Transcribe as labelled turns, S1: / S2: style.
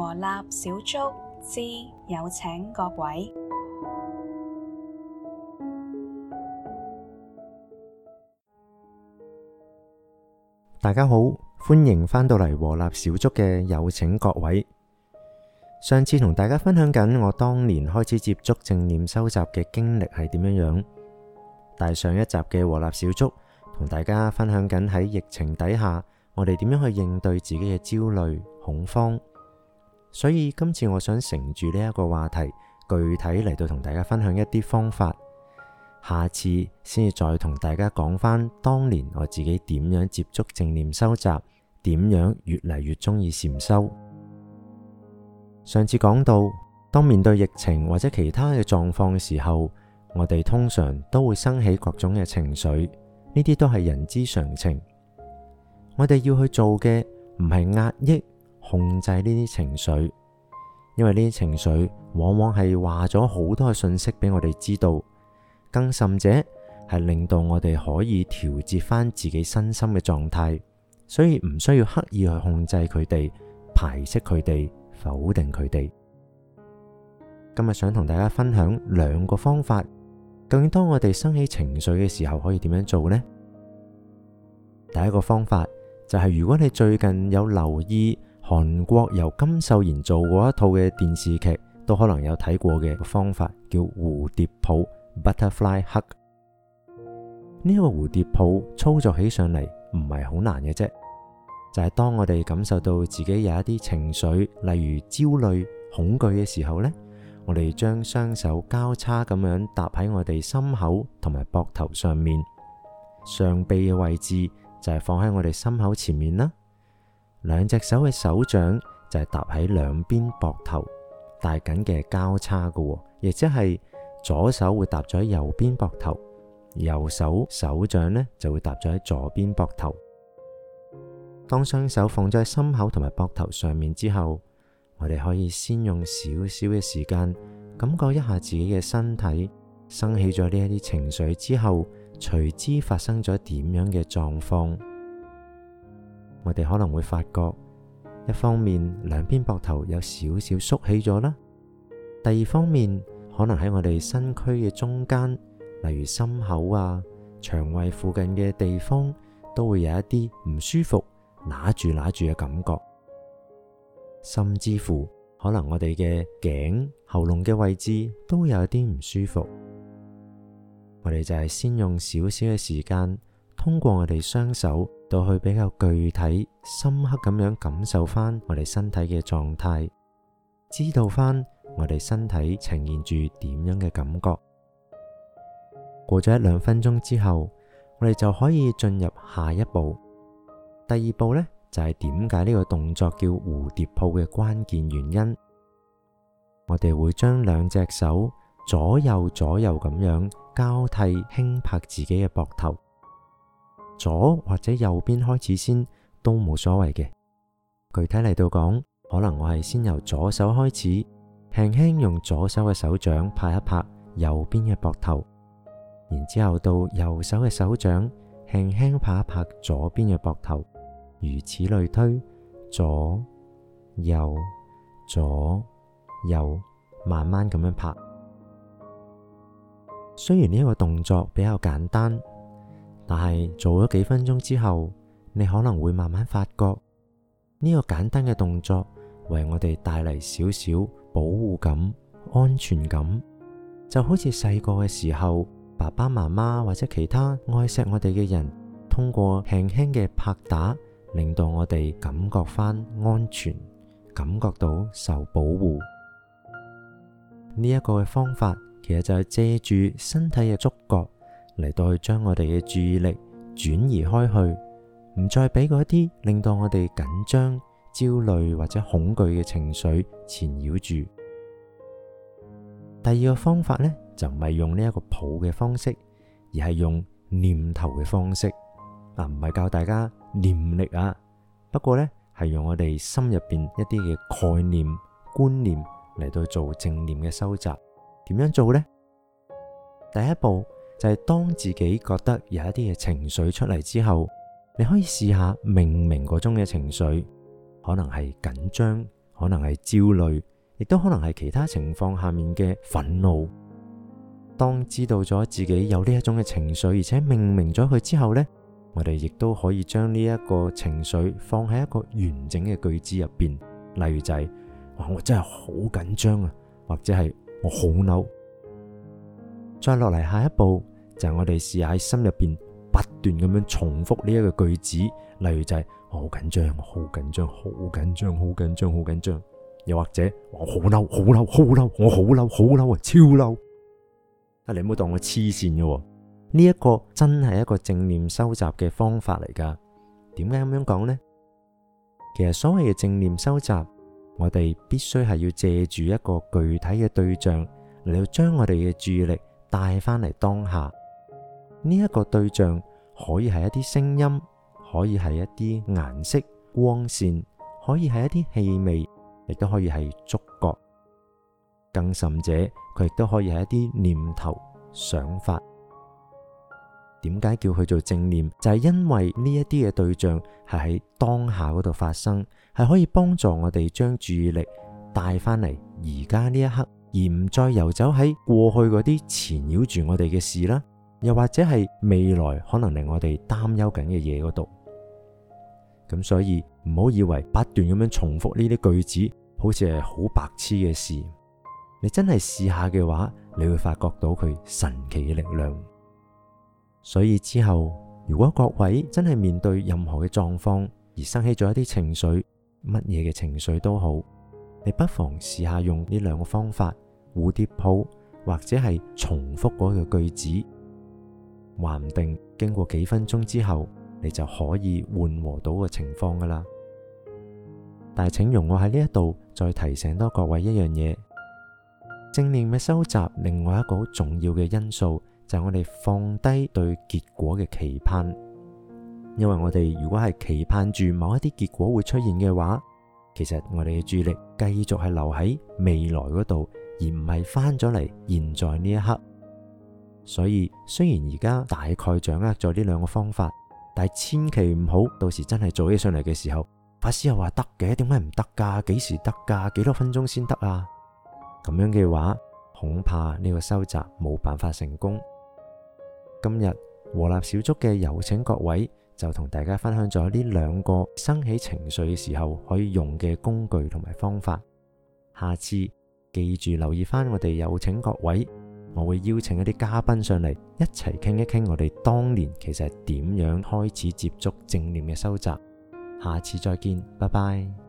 S1: 和立小築，之有請覺位，大家好，歡迎翻到嚟和立小築嘅有請覺位。上次同大家分享緊我當年開始接觸正念修習嘅經歷係點樣樣，但上一集嘅和立小築同大家分享緊喺疫情底下，我哋點樣去應對自己嘅焦慮、恐慌。所以今次我想乘住呢一個話題，具體嚟到同大家分享一啲方法。下次先至再同大家講翻當年我自己點樣接觸正念修習，點樣越嚟越中意禪修。上次講到，當面對疫情或者其他嘅狀況嘅時候，我哋通常都會生起各種嘅情緒，呢啲都係人之常情。我哋要去做嘅唔係壓抑，控制呢啲情緒，因為呢啲情緒往往係話咗好多嘅信息俾我哋知道，更甚者係令到我哋可以調節翻自己身心嘅狀態，所以唔需要刻意去控制佢哋、排斥佢哋、否定佢哋。今日想同大家分享兩個方法，究竟當我哋生起情緒嘅時候，可以點樣做呢？第一個方法就係如果你最近有留意，韓國由金秀賢做過一套嘅電視劇，都可能有睇過嘅方法叫蝴蝶抱 （butterfly hug、這、呢個蝴蝶抱操作起上嚟唔係好難嘅啫，就係、是，當我哋感受到自己有一啲情緒，例如焦慮、恐懼嘅時候呢，我哋將雙手交叉咁樣搭喺我哋心口同埋膊頭上面，上臂嘅位置就係放喺我哋心口前面啦。兩隻手嘅手掌就係搭喺兩邊膊頭大緊嘅交叉嘅，亦即係左手會搭咗喺右邊膊頭，右手手掌呢就會搭咗喺左邊膊頭。當雙手放咗喺心口同埋膊頭上面之後，我哋可以先用少少嘅時間，感覺一下自己嘅身體生起咗呢一啲情緒之後，隨之發生咗點樣嘅狀況。我哋可能會發覺，一方面兩邊膊頭有少少縮起咗啦，第二方面，可能喺我哋身軀嘅中間，例如心口啊、腸胃附近嘅地方，都會有一啲唔舒服、揦住揦住嘅感覺。甚至乎，可能我哋嘅頸、喉嚨嘅位置都有一啲唔舒服。我哋就係先用少少嘅時間，通過我哋雙手，到去比較具體、深刻咁樣感受翻我哋身體嘅狀態，知道翻我哋身體呈現住點樣嘅感覺。過咗一兩分鐘之後，我哋就可以進入下一步。第二步呢，就係點解呢個動作叫蝴蝶抱嘅關鍵原因。我哋會將兩隻手左右左右咁樣交替輕拍自己嘅膊頭。左或者右邊開始先都冇所謂嘅。具體嚟到講，可能我係先由左手開始，輕輕用左手嘅手掌拍一拍右邊嘅膊頭，然之後到右手嘅手掌輕輕拍一拍左邊嘅膊頭，如此類推，左右左右慢慢咁樣拍。雖然呢個動作比較簡單。但係做咗幾分鐘之後，你可能會慢慢發覺呢個簡單嘅動作為我哋帶嚟少少保護感、安全感，就好似細個嘅時候，爸爸媽媽或者其他愛錫我哋嘅人，通過輕輕嘅拍打，令到我哋感覺翻安全，感覺到受保護。呢一個嘅方法，其實就係借助身體嘅觸覺。嚟到去將我哋嘅注意力轉移開去，唔再俾嗰啲令到我哋緊張、焦慮或者恐懼嘅情緒纏繞住。第二個方法呢，就唔係用呢一個抱嘅方式，而係用念頭嘅方式。嗱、啊，唔係教大家念力啊，不過呢，係用我哋心入邊一啲嘅概念、觀念嚟到做正念嘅修習。點樣做呢？第一步。就係當自己覺得有一啲嘅情緒出嚟之後，你可以試下命名嗰種嘅情緒，可能係緊張，可能係焦慮，亦都可能係其他情況下面嘅憤怒。當知道咗自己有呢一種嘅情緒，而且命名咗佢之後呢，我哋亦都可以將呢一個情緒放喺一個完整嘅句子入邊，例如就係、是、我真係好緊張啊，或者係我好嬲。再落嚟，下一步就係、是、我哋試下喺心入邊不斷咁樣重複呢一個句子，例如就係、是、我好緊張，好緊張，好緊張，好緊張，好緊張。又或者我好嬲，好嬲，好嬲，我好嬲，好嬲啊，超嬲啊！你唔好當我黐線嘅，呢一個真係一個正念修習嘅方法嚟噶。點解咁樣講呢？其實所謂嘅正念修習，我哋必須係要借住一個具體嘅對象嚟到將我哋嘅注意力，帶翻嚟當下，呢一個對象可以係一啲聲音，可以係一啲顏色、光線，可以係一啲氣味，亦都可以係觸覺，更甚者佢亦都可以係一啲念頭、想法。點解叫佢做正念？就係因為呢一啲嘅對象係喺當下嗰度發生，係可以幫助我哋將注意力帶翻嚟而家呢一刻。而唔再遊走喺過去嗰啲纏繞住我哋嘅事啦，又或者係未來可能令我哋擔憂緊嘅嘢嗰度。咁所以唔好以為不斷咁樣重複呢啲句子，好似係好白痴嘅事。你真係試下嘅話，你會發覺到佢神奇嘅力量。所以之後，如果各位真係面對任何嘅狀況而生起咗一啲情緒，乜嘢嘅情緒都好。你不妨試下用呢兩個方法，蝴蝶抱或者係重複嗰個句子，話唔定經過幾分鐘之後，你就可以緩和到個情況噶啦。但係請容我喺呢一度再提醒多各位一樣嘢，正念嘅收集，另外一個好重要嘅因素就係我哋放低對結果嘅期盼，因為我哋如果係期盼住某一啲結果會出現嘅話。其實我哋嘅注意力繼續係留喺未來嗰度，而唔係翻咗嚟現在呢一刻。所以雖然而家大概掌握咗呢兩個方法，但係千祈唔好到時真係做起上嚟嘅時候，法師又話得嘅，點解唔得㗎？幾時得㗎？幾多分鐘先得啊？咁樣嘅話，恐怕呢個修習冇辦法成功。今日和立小築嘅有請覺位，就同大家分享咗呢兩個生起情緒嘅時候可以用嘅工具同埋方法。下次記住留意翻，我哋有請各位，我會邀請一啲嘉賓上嚟一齊傾一傾，我哋當年其實係點樣開始接觸正念嘅修習。下次再見，拜拜。